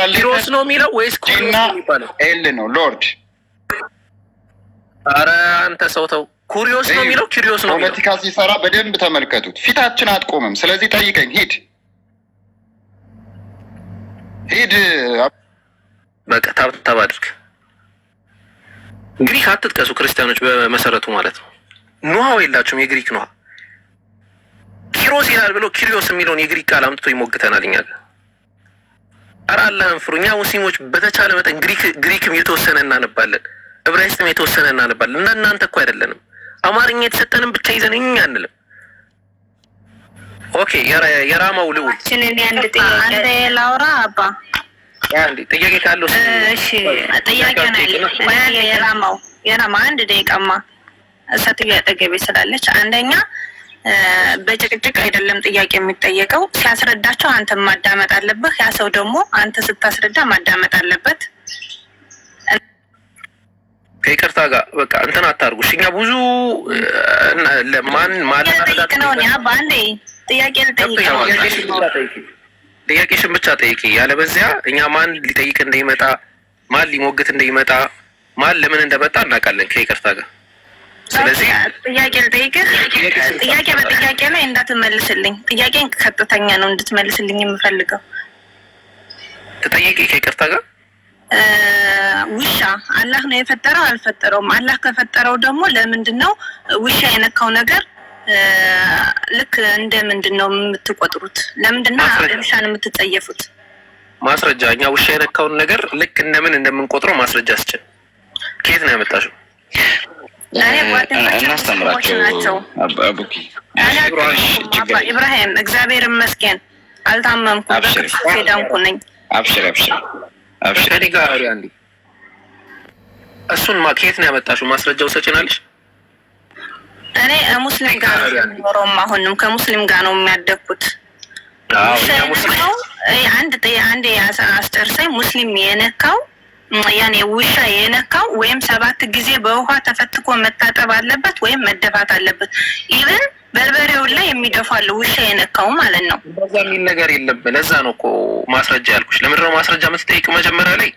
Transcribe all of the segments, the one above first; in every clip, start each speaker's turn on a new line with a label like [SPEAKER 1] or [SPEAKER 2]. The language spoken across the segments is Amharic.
[SPEAKER 1] መጥቷል። ኪሮስ ነው የሚለው ወይስ
[SPEAKER 2] ኤል ነው? ሎርድ አረ አንተ ሰው ተው። ኩሪዮስ ነው የሚለው ኪሪዮስ ነው። ፖለቲካ ሲሰራ በደንብ ተመልከቱት። ፊታችን አትቆምም። ስለዚህ ጠይቀኝ። ሂድ ሂድ። በቃ ታብታብ አድርግ። ግሪክ አትጥቀሱ ክርስቲያኖች በመሰረቱ ማለት ነው። ኑሃው የግሪክ ኑሃ ኪሮስ ይላል ብሎ ኪሪዮስ የሚለውን የግሪክ ቃል አምጥቶ ይሞግተናል እኛ ጋር አረ አላህን ፍሩ። እኛ ሙስሊሞች በተቻለ መጠን ግሪክ ግሪክም የተወሰነ እናነባለን፣ ዕብራይስጥም የተወሰነ እናነባለን። እና እናንተ እኮ አይደለንም። አማርኛ የተሰጠንም ብቻ ይዘን እኛ አንልም። ኦኬ የራማው ልውል ላውራ አባ ጥያቄ ካለው እሺ፣ ጥያቄውን የራማው የራማ አንድ ደቂቃማ ሰትዮ ያጠገቤ ስላለች አንደኛ በጭቅጭቅ አይደለም ጥያቄ የሚጠየቀው። ሲያስረዳቸው አንተ ማዳመጥ አለብህ። ያ ሰው ደግሞ አንተ ስታስረዳ ማዳመጥ አለበት። ከይቅርታ ጋር በቃ እንትን አታርጉ። እኛ ብዙ ለማን ማለት ነው። በአንዴ ጥያቄ ልጠይቅ ጥያቄሽን ብቻ ጠይቂ። ያለበዚያ እኛ ማን ሊጠይቅ እንደሚመጣ ማን ሊሞግት እንደሚመጣ ማን ለምን እንደመጣ እናውቃለን። ከይቅርታ ጋር ስለዚህ ጥያቄ ልጠይቅህ። ጥያቄ በጥያቄ ላይ እንዳትመልስልኝ። ጥያቄ ቀጥተኛ ነው እንድትመልስልኝ የምፈልገው። ተጠያቂ ከይቅርታ ጋር ውሻ አላህ ነው የፈጠረው አልፈጠረውም? አላህ ከፈጠረው ደግሞ ለምንድን ነው ውሻ የነካው ነገር ልክ እንደ ምንድን ነው የምትቆጥሩት? ለምንድን ነው ውሻን የምትጸየፉት? ማስረጃ እኛ ውሻ የነካውን ነገር ልክ እንደምን እንደምንቆጥረው ማስረጃ አስችል። ከየት ነው ያመጣሽው? እናስተምራቸው። ኢብራሂም እግዚአብሔር ይመስገን አልታመምኩም፣ ዳንኩ ነኝ። አብሽር አብሽር አብሽር። እሱን ከየት ነው ያመጣሽው? ማስረጃው ሰጭናለሽ? እኔ ሙስሊም ጋር አሁንም ከሙስሊም ጋር ነው የሚያደግኩት። አንድ አንድ አስጨርሰኝ ሙስሊም የነካው ያኔ ውሻ የነካው ወይም ሰባት ጊዜ በውሃ ተፈትኮ መታጠብ አለበት ወይም መደፋት አለበት። ኢቨን በርበሬውን ላይ የሚደፋሉ ውሻ የነካው ማለት ነው። በዛ የሚል ነገር የለም። ለዛ ነው እኮ ማስረጃ ያልኩሽ። ለምንድነው ማስረጃ የምትጠይቅ መጀመሪያ ላይ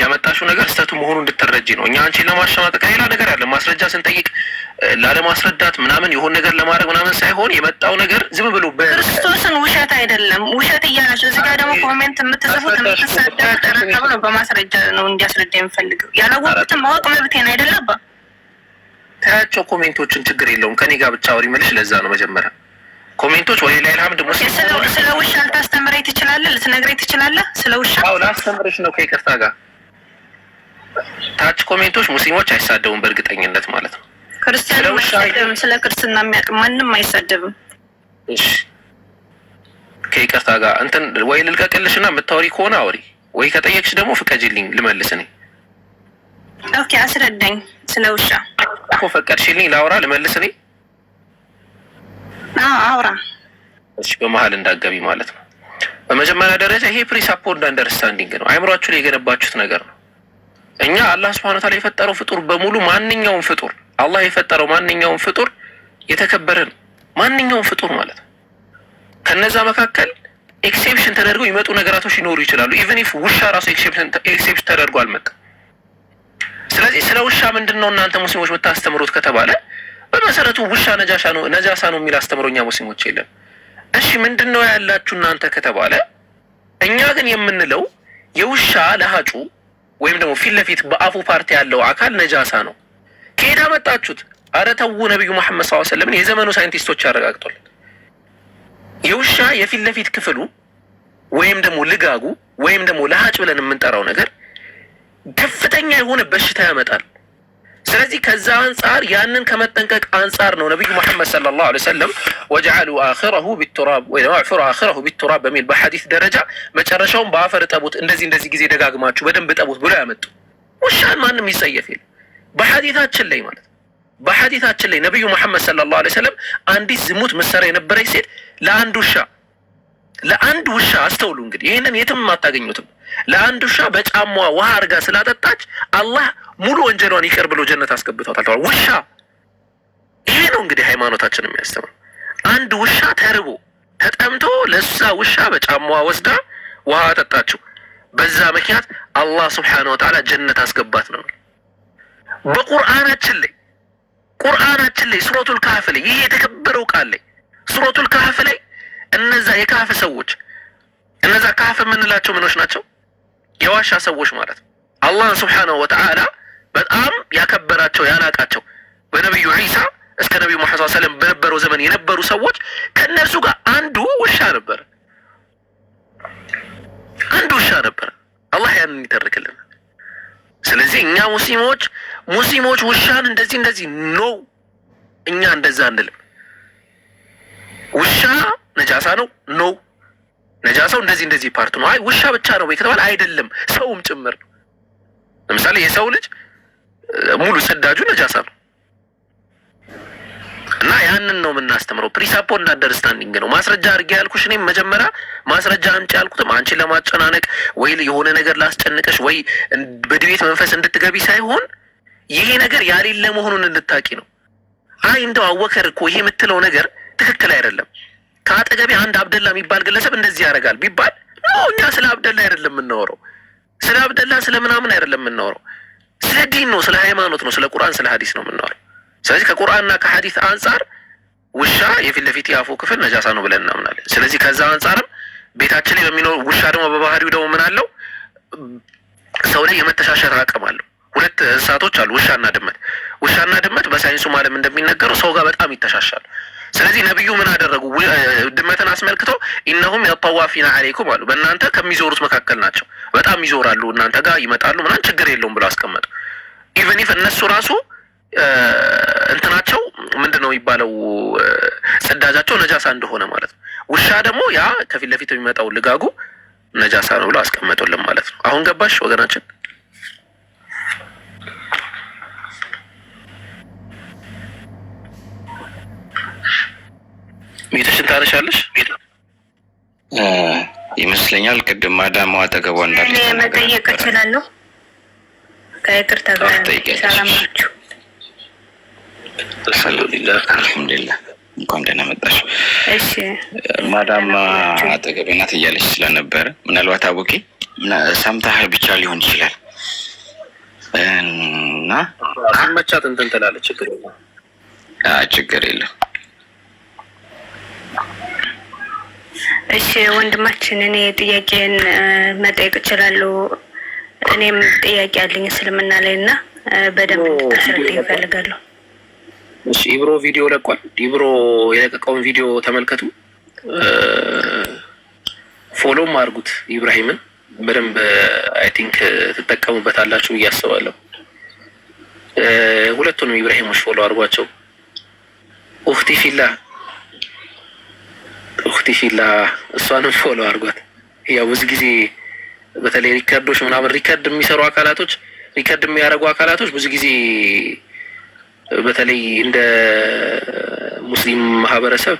[SPEAKER 2] ያመጣሽው ነገር ስህተቱ መሆኑ እንድትረጂ ነው። እኛ አንቺን ለማሸማቀቅ ሌላ ነገር ያለ ማስረጃ ስንጠይቅ ላለማስረዳት ምናምን የሆን ነገር ለማድረግ ምናምን ሳይሆን የመጣው ነገር ዝም ብሎ ክርስቶስን ውሸት አይደለም ውሸት እያለች እዚህ ጋር ደግሞ ኮሜንት የምትጽፉት የምትሳደረቀብ ነው። በማስረጃ ነው እንዲያስረዳ የምፈልገው። ያላወቁትን ማወቅ መብቴን አይደለባ ታያቸው ኮሜንቶችን ችግር የለውም ከኔ ጋር ብቻ አውሪ ምልሽ ለዛ ነው መጀመሪያ ኮሜንቶች ወይ ላይ ልሀም ደግሞ ስለ ውሻ ልታስተምረኝ ትችላለህ፣ ልትነግረኝ ትችላለህ። ስለ ውሻ ላስተምርሽ ነው ከይቅርታ ጋር ታች ኮሜንቶች ሙስሊሞች አይሳደቡም በእርግጠኝነት ማለት ነው። ክርስቲያኑ አይሳደብም። ስለ ክርስትና የሚያውቅ ማንም አይሳደብም። እሺ ከይቅርታ ጋር እንትን ወይ ልልቀቅልሽ እና የምታወሪ ከሆነ አውሪ፣ ወይ ከጠየቅሽ ደግሞ ፍቀጅልኝ ልመልስ እኔ። ኦኬ አስረዳኝ ስለ ውሻ እኮ ፈቀድሽልኝ ላውራ ልመልስ እኔ። አውራ እሺ፣ በመሀል እንዳገቢ ማለት ነው። በመጀመሪያ ደረጃ ይሄ ፕሪሳፖርድ አንደርስታንዲንግ ነው፣ አይምሯችሁ ላይ የገነባችሁት ነገር ነው። እኛ አላህ ስብሐነ ተዓላ የፈጠረው ፍጡር በሙሉ ማንኛውም ፍጡር አላህ የፈጠረው ማንኛውም ፍጡር የተከበረ ነው። ማንኛውም ፍጡር ማለት ነው። ከነዛ መካከል ኤክሴፕሽን ተደርገው ይመጡ ነገራቶች ሊኖሩ ይችላሉ። ኢቨን ኢፍ ውሻ ራሱ ኤክሴፕሽን ተደርጎ አልመጣም። ስለዚህ ስለ ውሻ ምንድን ነው እናንተ ሙስሊሞች የምታስተምሩት ከተባለ በመሰረቱ ውሻ ነጃሳ ነው ነጃሳ ነው የሚል አስተምሮኛ ሙስሊሞች የለም። እሺ ምንድን ነው ያላችሁ እናንተ ከተባለ እኛ ግን የምንለው የውሻ ለሀጩ ወይም ደግሞ ፊት ለፊት በአፉ ፓርቲ ያለው አካል ነጃሳ ነው። ከየት አመጣችሁት? አረ ተዉ። ነቢዩ መሐመድ ሰለላሁ ዐለይሂ ወሰለም የዘመኑ ሳይንቲስቶች ያረጋግጧል። የውሻ የፊት ለፊት ክፍሉ ወይም ደግሞ ልጋጉ ወይም ደግሞ ለሀጭ ብለን የምንጠራው ነገር ከፍተኛ የሆነ በሽታ ያመጣል። ስለዚህ ከዛ አንጻር ያንን ከመጠንቀቅ አንጻር ነው ነቢዩ ሙሐመድ ሰለላሁ ዐለይሂ ወሰለም ወጀዐሉ አኺረሁ ቢቱራብ ወይ አዕፍሩ አኺረሁ ቢቱራብ በሚል በሐዲስ ደረጃ መጨረሻውን በአፈር እጠቡት፣ እንደዚህ እንደዚህ ጊዜ ደጋግማችሁ በደንብ እጠቡት ብሎ ያመጡ። ውሻን ማንም ይጸየፍ የለ በሐዲታችን ላይ ማለት ነው። በሐዲታችን ላይ ነቢዩ ሙሐመድ ሰለላሁ ዐለይሂ ወሰለም አንዲት ዝሙት ምሰራ የነበረች ሴት ለአንድ ውሻ ለአንድ ውሻ አስተውሉ እንግዲህ ይህንን የትም አታገኙትም ለአንድ ውሻ በጫማዋ ውሃ አድርጋ ስላጠጣች አላህ ሙሉ ወንጀሏን ይቅር ብሎ ጀነት አስገብቷታል። ውሻ ይሄ ነው እንግዲህ ሃይማኖታችን የሚያስተምር። አንድ ውሻ ተርቦ ተጠምቶ ለእሷ ውሻ በጫማዋ ወስዳ ውሃ አጠጣችው። በዛ ምክንያት አላህ ስብሓነሁ ወተዓላ ጀነት አስገባት ነው። በቁርአናችን ላይ ቁርአናችን ላይ ሱረቱል ካህፍ ላይ ይህ የተከበረው ቃል ላይ ሱረቱል ካህፍ ላይ እነዛ የካህፍ ሰዎች እነዛ ካህፍ የምንላቸው ምኖች ናቸው። የዋሻ ሰዎች ማለት ነው። አላህ ስብሓነሁ ወተዓላ በጣም ያከበራቸው ያላቃቸው በነቢዩ ዒሳ እስከ ነቢዩ መሐመድ ሰለም በነበረው ዘመን የነበሩ ሰዎች ከእነርሱ ጋር አንዱ ውሻ ነበር፣ አንዱ ውሻ ነበር። አላህ ያንን ይተርክልን። ስለዚህ እኛ ሙስሊሞች ሙስሊሞች ውሻን እንደዚህ እንደዚህ ኖ እኛ እንደዛ አንልም። ውሻ ነጃሳ ነው ነው ነጃ ሰው እንደዚህ እንደዚህ ፓርት ነው። አይ ውሻ ብቻ ነው ወይ ከተባለ አይደለም፣ ሰውም ጭምር ነው። ለምሳሌ የሰው ልጅ ሙሉ ጽዳጁ ነጃሳ ነው እና ያንን ነው የምናስተምረው። ፕሪሳፖ እና አንደርስታንዲንግ ነው ማስረጃ አድርጌ ያልኩሽ። እኔም መጀመሪያ ማስረጃ አምጪ ያልኩትም አንቺን ለማጨናነቅ ወይ የሆነ ነገር ላስጨንቀሽ ወይ በድቤት መንፈስ እንድትገቢ ሳይሆን ይሄ ነገር ያሌለ መሆኑን እንድታቂ ነው። አይ እንደው አወከር እኮ ይሄ የምትለው ነገር ትክክል አይደለም ከአጠገቤ አንድ አብደላ የሚባል ግለሰብ እንደዚህ ያደርጋል ቢባል እኛ ስለ አብደላ አይደለም የምናወረው፣ ስለ አብደላ ስለ ምናምን አይደለም የምናወረው። ስለ ዲን ነው፣ ስለ ሃይማኖት ነው፣ ስለ ቁርአን ስለ ሀዲስ ነው የምናወረው። ስለዚህ ከቁርአንና ከሀዲስ አንጻር ውሻ የፊት ለፊት የአፉ ክፍል ነጃሳ ነው ብለን እናምናለን። ስለዚህ ከዛ አንጻርም ቤታችን ላይ በሚኖር ውሻ ደግሞ በባህሪው ደግሞ ምን አለው ሰው ላይ የመተሻሸር አቅም አለው። ሁለት እንስሳቶች አሉ፣ ውሻና ድመት። ውሻና ድመት በሳይንሱ ማለም እንደሚነገረው ሰው ጋር በጣም ይተሻሻሉ። ስለዚህ ነቢዩ ምን አደረጉ? ድመትን አስመልክቶ ኢነሁም የጠዋፊና አሌይኩም አሉ። በእናንተ ከሚዞሩት መካከል ናቸው። በጣም ይዞራሉ፣ እናንተ ጋር ይመጣሉ፣ ምናን ችግር የለውም ብሎ አስቀመጡ። ኢቨን ኢፍ እነሱ ራሱ እንትናቸው ምንድን ነው የሚባለው ጽዳጃቸው ነጃሳ እንደሆነ ማለት ነው። ውሻ ደግሞ ያ ከፊት ለፊት የሚመጣው ልጋጉ ነጃሳ ነው ብሎ አስቀመጡልን ማለት ነው። አሁን ገባሽ ወገናችን? ቤትሽን ታነሻለሽ ይመስለኛል። ቅድም ማዳማ አጠገቧ እንዳለ መጠየቅ እችላለሁ። ከይቅርታ ጋር ሰላም አልሐምዱሊላህ አልሐምዱሊላህ። እንኳን ደህና መጣሽ። ማዳም አጠገቤ ናት እያለች ስለነበረ ምናልባት አቦኬ ሰምተህ ብቻ ሊሆን ይችላል እና መቻት እንትን ትላለች። ችግር የለም እሺ ወንድማችን፣ እኔ ጥያቄን መጠየቅ እችላለሁ? እኔም ጥያቄ አለኝ እስልምና ላይ እና በደንብ እንድታስረዳ ይፈልጋሉ። እሺ ኢብሮ ቪዲዮ ለቋል። ኢብሮ የለቀቀውን ቪዲዮ ተመልከቱ፣ ፎሎም አድርጉት። ኢብራሂምን በደንብ አይ ቲንክ ትጠቀሙበታላችሁ ብዬ አስባለሁ። ሁለቱንም ኢብራሂሞች ፎሎ አድርጓቸው። ኡክቲ ፊላ ኡክቲ ሺላ እሷንም ፎሎ አድርጓት። ያው ብዙ ጊዜ በተለይ ሪከርዶች ምናምን ሪከርድ የሚሰሩ አካላቶች ሪከርድ የሚያደርጉ አካላቶች ብዙ ጊዜ በተለይ እንደ ሙስሊም ማህበረሰብ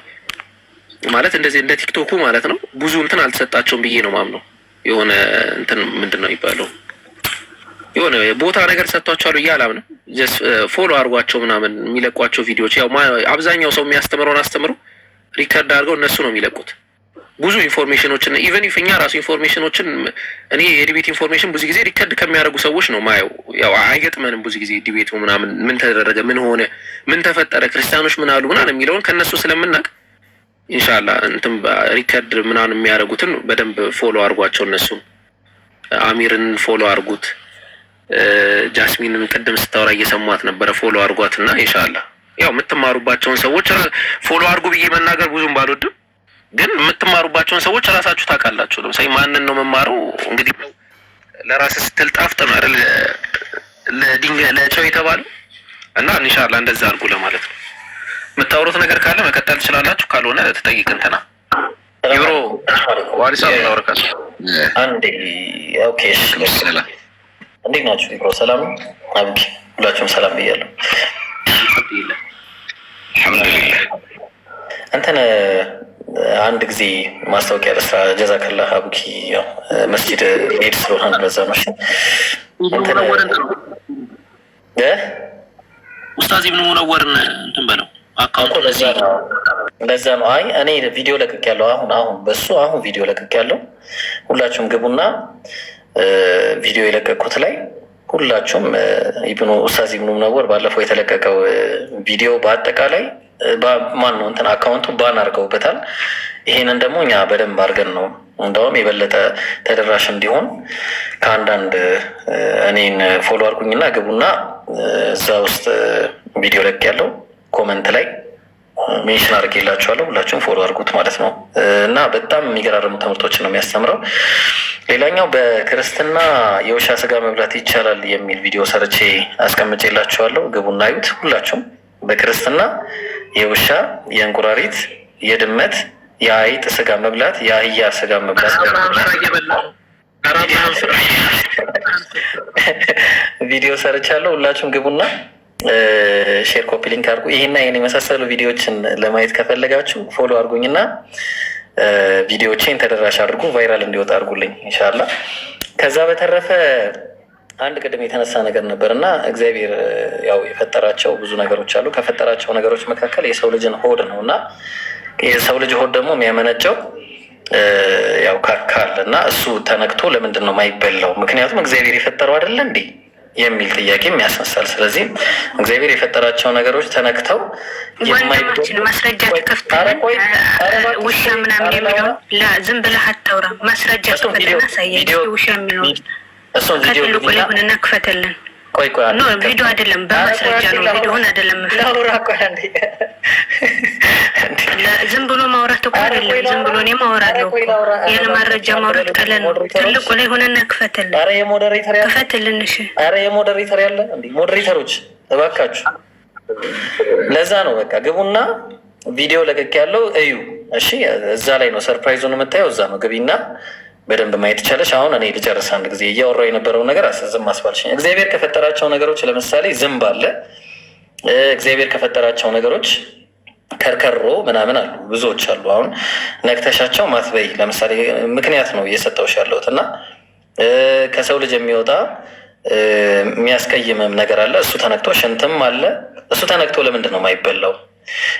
[SPEAKER 2] ማለት እንደዚህ እንደ ቲክቶኩ ማለት ነው ብዙ እንትን አልተሰጣቸውም ብዬ ነው ማምነው። የሆነ እንትን ምንድን ነው የሚባለው የሆነ ቦታ ነገር ሰጥቷቸዋል ብዬ አላምንም። ፎሎ አድርጓቸው ምናምን የሚለቋቸው ቪዲዮዎች ያው አብዛኛው ሰው የሚያስተምረውን አስተምሩ ሪከርድ አድርገው እነሱ ነው የሚለቁት። ብዙ ኢንፎርሜሽኖችን ኢቨን ኢፍ እኛ ራሱ ኢንፎርሜሽኖችን እኔ የዲቤት ኢንፎርሜሽን ብዙ ጊዜ ሪከርድ ከሚያደርጉ ሰዎች ነው ማየው። ያው አይገጥመንም ብዙ ጊዜ ዲቤቱ ምናምን ምን ተደረገ፣ ምን ሆነ፣ ምን ተፈጠረ፣ ክርስቲያኖች ምን አሉ ምናምን የሚለውን ከእነሱ ስለምናቅ ኢንሻላ እንትም ሪከርድ ምናምን የሚያደርጉትን በደንብ ፎሎ አድርጓቸው። እነሱም አሚርን ፎሎ አድርጉት። ጃስሚንን ቅድም ስታወራ እየሰሟት ነበረ። ፎሎ አድርጓት እና ኢንሻላ ያው የምትማሩባቸውን ሰዎች ፎሎ አድርጉ ብዬ መናገር ብዙም ባልወድም፣ ግን የምትማሩባቸውን ሰዎች ራሳችሁ ታውቃላችሁ። ለምሳሌ ማንን ነው የምማረው? እንግዲህ ለራስ ስትል ጣፍጥ ነው አይደል? ለድንጋይ ለጨው የተባለው እና እንሻላ እንደዛ አድርጉ ለማለት ነው። የምታወሩት ነገር ካለ መቀጠል ትችላላችሁ፣ ካልሆነ ትጠይቅ እንትና ዩሮ ዋሪሳ ምናወርካል አንዴ ኦኬ። እንዴት ናችሁ? ቢሮ ሰላም አብቂ፣ ሁላችሁም ሰላም ብያለሁ። አልሐምዱሊላህ። አንተን አንድ ጊዜ ማስታወቂያ ለስራ ጀዛከላ አቡኪ መስጂድ ሄድ ስለሆነ በዛ ነው ኡስታዝ ብን ሙነወርን እንትን በለው ለዛ ነው። አይ እኔ ቪዲዮ ለቅቅ ያለው አሁን አሁን በሱ አሁን ቪዲዮ ለቅቅ ያለው ሁላችሁም ግቡና ቪዲዮ የለቀቅኩት ላይ ሁላችሁም ኢብኑ ኡስታዝ ኢብኑ ምነወር ባለፈው የተለቀቀው ቪዲዮ በአጠቃላይ ማን ነው እንትን አካውንቱ ባን አድርገውበታል። ይሄንን ደግሞ እኛ በደንብ አድርገን ነው እንደውም የበለጠ ተደራሽ እንዲሆን ከአንዳንድ እኔን ፎሎ አድርጉኝና ግቡና እዛ ውስጥ ቪዲዮ ለቅ ያለው ኮመንት ላይ ሜንሽን አድርጌላችኋለሁ። ሁላችሁም ፎሎ አድርጉት ማለት ነው እና በጣም የሚገራርሙ ትምህርቶችን ነው የሚያስተምረው። ሌላኛው በክርስትና የውሻ ስጋ መብላት ይቻላል የሚል ቪዲዮ ሰርቼ አስቀምጬላችኋለሁ። ግቡና አዩት ሁላችሁም። በክርስትና የውሻ የእንቁራሪት፣ የድመት፣ የአይጥ ስጋ መብላት፣ የአህያ ስጋ መብላት ቪዲዮ ሰርቻለሁ። ሁላችሁም ግቡና ሼር ኮፒ ሊንክ አድርጉ። ይህና ይህን የመሳሰሉ ቪዲዮዎችን ለማየት ከፈለጋችሁ ፎሎ አድርጉኝና ቪዲዮዎችን ተደራሽ አድርጉ፣ ቫይራል እንዲወጣ አድርጉልኝ እንሻላ። ከዛ በተረፈ አንድ ቅድም የተነሳ ነገር ነበር እና እግዚአብሔር ያው የፈጠራቸው ብዙ ነገሮች አሉ። ከፈጠራቸው ነገሮች መካከል የሰው ልጅን ሆድ ነው እና የሰው ልጅ ሆድ ደግሞ የሚያመነጨው ያው ካካል እና እሱ ተነክቶ ለምንድን ነው ማይበላው? ምክንያቱም እግዚአብሔር የፈጠረው አይደለ እንዴ? የሚል ጥያቄም ያስነሳል። ስለዚህ እግዚአብሔር የፈጠራቸው ነገሮች ተነክተው ወንድማችን ማስረጃ ትከፍትውሻ ምናምን የሚለው ዝም ብለህ አታውራ፣ ማስረጃ ትከፍተና ሳየን ውሻ የሚለውን ከትልቁ ላይ ሆነና ቆይ ቆይ ቪዲዮ አይደለም በማስረጃ ነው። ቪዲዮን አይደለም አለ። ዝም ብሎ ማውራት እኮ አይደለም። ዝም ብሎ እኔ ማውራለሁ ያለ ማረጃ ማውራት ቀለን ትልቁ ላይ ሆነና ክፈትልን፣ ክፈትልን። እሺ፣ አረ የሞደሬተር ያለ እንዴ? ሞደሬተሮች እባካችሁ፣ ለዛ ነው በቃ ግቡና ቪዲዮ ለቅቅ ያለው እዩ። እሺ፣ እዛ ላይ ነው ሰርፕራይዙን የምታየው። እዛ ነው ግቢና በደንብ ማየት ይቻለሽ። አሁን እኔ ልጨርስ። አንድ ጊዜ እያወራው የነበረውን ነገር አስዝም አስባልሽኝ። እግዚአብሔር ከፈጠራቸው ነገሮች ለምሳሌ ዝም ባለ እግዚአብሔር ከፈጠራቸው ነገሮች ከርከሮ ምናምን አሉ ብዙዎች አሉ። አሁን ነክተሻቸው ማትበይ ለምሳሌ ምክንያት ነው እየሰጠውሽ ያለሁት እና ከሰው ልጅ የሚወጣ የሚያስቀይምም ነገር አለ። እሱ ተነክቶ ሽንትም አለ። እሱ ተነክቶ ለምንድን ነው የማይበላው?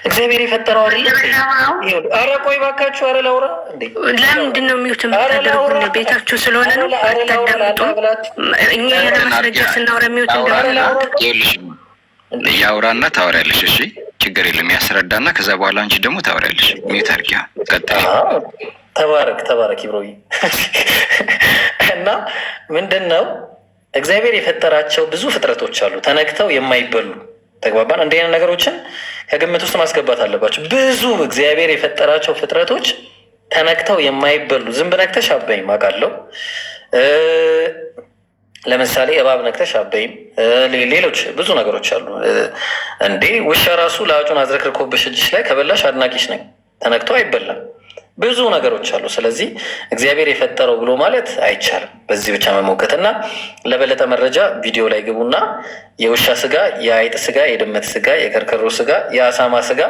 [SPEAKER 2] እግዚአብሔር የፈጠረው አለ። አረ ቆይ ባካችሁ፣ አረ ላውራ። ለምንድን ነው የሚውት የምታደርጉ? ቤታችሁ ስለሆነ ነው አታዳምጡ። እኛ ያለ ማስረጃ ስናወራ የሚውት እንደሆነ ያውራና ታወሪያለሽ። እሺ ችግር የለም ያስረዳና ከዛ በኋላ አንቺ ደግሞ ታወሪያለሽ። ሚዩት አድርጊ። ቀጥል። ተባረክ ተባረክ ብሮዬ። እና ምንድን ነው እግዚአብሔር የፈጠራቸው ብዙ ፍጥረቶች አሉ ተነክተው የማይበሉ ተግባባን። እንዲህ አይነት ነገሮችን ከግምት ውስጥ ማስገባት አለባቸው። ብዙ እግዚአብሔር የፈጠራቸው ፍጥረቶች ተነክተው የማይበሉ ዝንብ ነክተሽ አበኝ ማቃለው ለምሳሌ እባብ ነክተሽ አበይም ሌሎች ብዙ ነገሮች አሉ። እንዴ ውሻ ራሱ ለአጩን አዝረክርኮብሽ እጅሽ ላይ ከበላሽ አድናቂሽ ነኝ ተነክቶ አይበላም። ብዙ ነገሮች አሉ። ስለዚህ እግዚአብሔር የፈጠረው ብሎ ማለት አይቻልም። በዚህ ብቻ መሞገት እና ለበለጠ መረጃ ቪዲዮ ላይ ግቡና የውሻ ስጋ፣ የአይጥ ስጋ፣ የድመት ስጋ፣ የከርከሮ ስጋ፣ የአሳማ ስጋ፣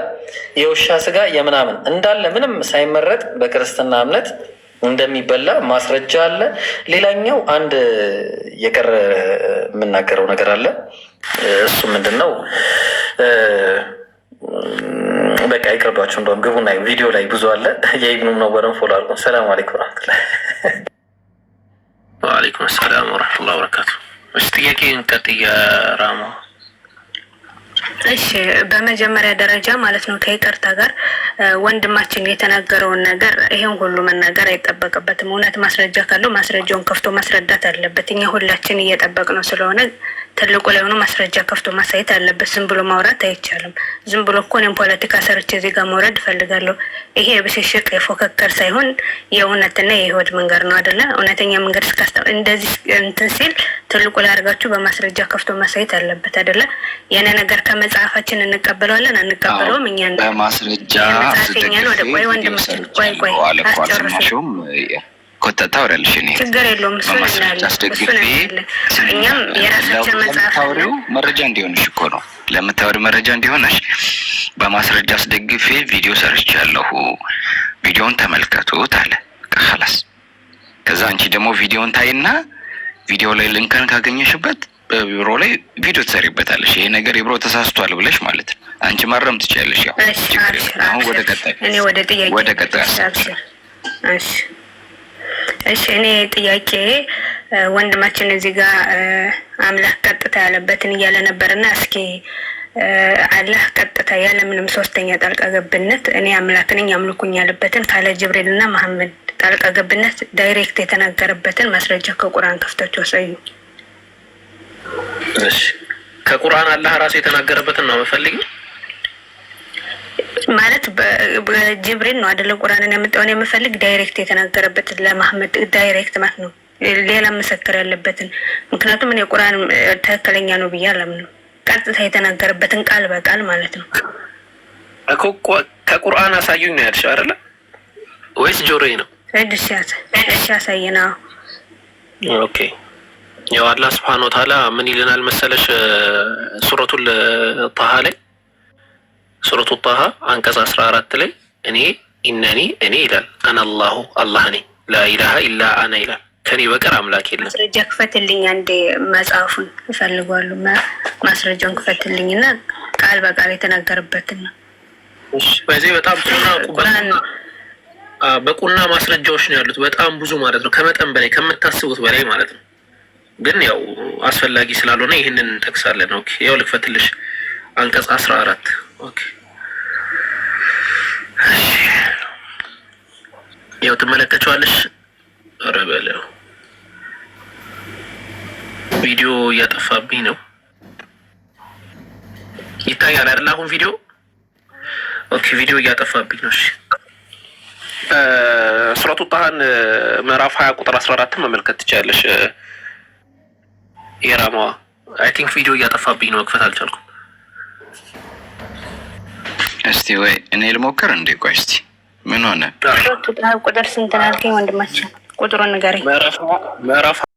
[SPEAKER 2] የውሻ ስጋ፣ የምናምን እንዳለ ምንም ሳይመረጥ በክርስትና እምነት እንደሚበላ ማስረጃ አለ። ሌላኛው አንድ የቀረ የምናገረው ነገር አለ። እሱ ምንድን ነው? በቃ ይቅርባችሁ። እንደውም ና ቪዲዮ ላይ ብዙ አለ። የኢብኑ ነወርን ፎሎ አድርጉን። ሰላም አለይኩም ረመቱላ። ወአለይኩም ሰላም ወረመቱላ በረካቱ። ጥያቄ ቀጥያ ራማ እሺ በመጀመሪያ ደረጃ ማለት ነው ከይቅርታ ጋር ወንድማችን የተናገረውን ነገር ይሄን ሁሉ መናገር አይጠበቅበትም። እውነት ማስረጃ ካለው ማስረጃውን ከፍቶ ማስረዳት አለበት። እኛ ሁላችን እየጠበቅ ነው ስለሆነ ትልቁ ላይ ሆኖ ማስረጃ ከፍቶ ማሳየት አለበት። ዝም ብሎ ማውራት አይቻልም። ዝም ብሎ እኮ እኔም ፖለቲካ ሰርቼ እዚህ ጋር መውረድ እፈልጋለሁ። ይሄ የብሽሽቅ የፎከከር ሳይሆን የእውነትና የህይወት መንገድ ነው አደለ? እውነተኛ መንገድ እስካስተ እንደዚህ እንትን ሲል ትልቁ ላይ አድርጋችሁ በማስረጃ ከፍቶ ማሳየት አለበት አደለ? የነ ነገር ከመጽሐፋችን እንቀበለዋለን አንቀበለውም። እኛ በማስረጃ ነው ወደ ቆይ ወንድማችን ቆይ ቆይ አስጨርሱ ቆጠታ ወራልሽ እኔ ችግር የለውም። እኛም የራሳችን መጽሐፍ መረጃ እንዲሆንሽ እኮ ነው ለምታወሪው መረጃ እንዲሆንሽ በማስረጃ አስደግፌ ቪዲዮ ሰርቻለሁ። ቪዲዮውን ተመልከቱት አለ ከላስ። ከዛ አንቺ ደግሞ ቪዲዮውን ታይና ቪዲዮ ላይ ልንከን ካገኘሽበት በቢሮ ላይ ቪዲዮ ትሰሪበታለሽ። ይሄ ነገር የብሮ ተሳስቷል ብለሽ ማለት ነው። አንቺ ማረም ትችያለሽ። ያው አሁን ወደ ቀጣይ ወደ ቀጣይ እሺ እኔ ጥያቄ ወንድማችን እዚህ ጋር አምላክ ቀጥታ ያለበትን እያለ ነበርና እስኪ አላህ ቀጥታ ያለምንም ሶስተኛ ጣልቃ ገብነት እኔ አምላክ ነኝ አምልኩኝ ያለበትን ካለ ጅብሪል እና መሐመድ ጣልቃ ገብነት ዳይሬክት የተናገረበትን ማስረጃ ከቁርአን ከፍታችሁ አሳዩ። ከቁርአን አላህ ራሱ የተናገረበትን ነው የምፈልገው። ማለት ጅብሪል ነው አደለ ቁርአንን ያመጣውን የምፈልግ ዳይሬክት የተናገረበት ለማህመድ ዳይሬክት ማለት ነው። ሌላ መሰክር ያለበትን ምክንያቱም እኔ ቁርአን ትክክለኛ ነው ብዬ አላምንም። ቀጥታ የተናገረበትን ቃል በቃል ማለት ነው። ከቁርአን አሳዩኝ ነው ያልሽው አይደለ ወይስ ጆሮዬ ነው? እሺ ያሳየን። ኦኬ ያው አላህ ስብሐነ ወተዓላ ምን ይልናል መሰለሽ ሱረቱል ጣሃ ላይ ሱረቱ ጣሃ አንቀጽ አስራ አራት ላይ እኔ ኢነኒ እኔ ይላል አና አላሁ አላህ ነኝ ላኢላሃ ኢላ አና ይላል ከኔ በቀር አምላክ የለም። ማስረጃ ክፈትልኝ አንዴ መጽሐፉን እፈልጓሉ። ማስረጃውን ክፈትልኝ እና ቃል በቃል የተናገርበትን ነው። በዚህ በጣም በቁና ማስረጃዎች ነው ያሉት። በጣም ብዙ ማለት ነው፣ ከመጠን በላይ ከምታስቡት በላይ ማለት ነው። ግን ያው አስፈላጊ ስላልሆነ ይህንን እንጠቅሳለን። ኦኬ ያው ልክፈትልሽ አንቀጽ አስራ አራት ያው ትመለከቸዋለሽ። ኧረ በለው ቪዲዮ እያጠፋብኝ ነው። ይታያል አይደል? አሁን ቪዲዮ ኦኬ፣ ቪዲዮ እያጠፋብኝ ነው። እሺ ሱረቱ ጣሃን ምዕራፍ ሀያ ቁጥር አስራ አራትን መመልከት ትችያለሽ። የራማዋ አይ ቲንክ ቪዲዮ እያጠፋብኝ ነው፣ መክፈት አልቻልኩም። እስቲ ወይ እኔ ልሞክር እንዴ? ቆይ እስቲ ምን ሆነ? ቁጥር ስንት ነው ያልከኝ? ወንድማችን ቁጥሩን ንገረኝ። ምዕራፍ